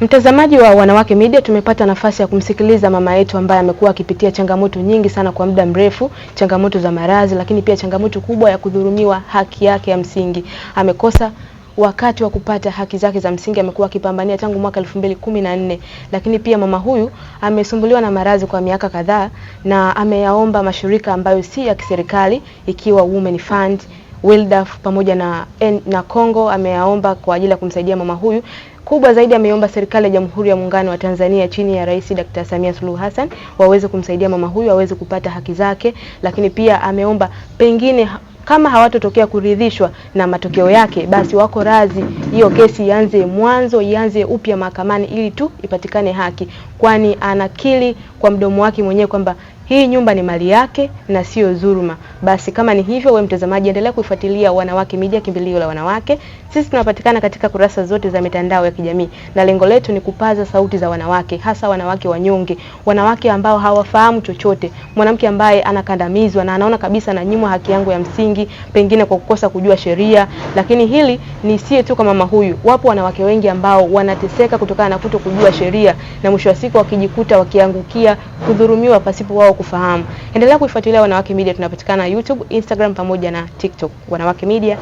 Mtazamaji wa Wanawake Media, tumepata nafasi ya kumsikiliza mama yetu ambaye amekuwa akipitia changamoto nyingi sana kwa muda mrefu, changamoto za maradhi, lakini pia changamoto kubwa ya kudhulumiwa haki yake ya msingi. Amekosa wakati wa kupata haki zake za msingi, amekuwa akipambania tangu mwaka 2014. Lakini pia mama huyu amesumbuliwa na maradhi kwa miaka kadhaa na ameyaomba mashirika ambayo si ya kiserikali ikiwa Women Fund Wildaf pamoja na, na Congo ameyaomba kwa ajili ya kumsaidia mama huyu kubwa zaidi ameomba serikali ya Jamhuri ya Muungano wa Tanzania chini ya Rais Dr. Samia Suluhu Hassan waweze kumsaidia mama huyu aweze kupata haki zake, lakini pia ameomba pengine kama hawatotokea kuridhishwa na matokeo yake, basi wako radhi hiyo kesi ianze mwanzo, ianze upya mahakamani ili tu ipatikane haki, kwani anakili kwa mdomo wake mwenyewe kwamba hii nyumba ni mali yake na sio dhuluma. Basi kama ni hivyo, wewe mtazamaji, endelea kuifuatilia Wanawake Media, kimbilio la wanawake. Sisi tunapatikana katika kurasa zote za mitandao ya kijamii, na lengo letu ni kupaza sauti za wanawake, hasa wanawake wanyonge, wanawake ambao hawafahamu chochote, mwanamke ambaye anakandamizwa na anaona kabisa ananyimwa haki yangu ya msingi, pengine kwa kukosa kujua sheria. Lakini hili ni sie tu kama mama huyu. Wapo wanawake wengi ambao wanateseka kutokana na kuto kujua sheria na mwisho wa siku wakijikuta wakiangukia kudhurumiwa pasipo wao kufahamu. Endelea kuifuatilia Wanawake Media, tunapatikana YouTube, Instagram pamoja na TikTok. Wanawake Media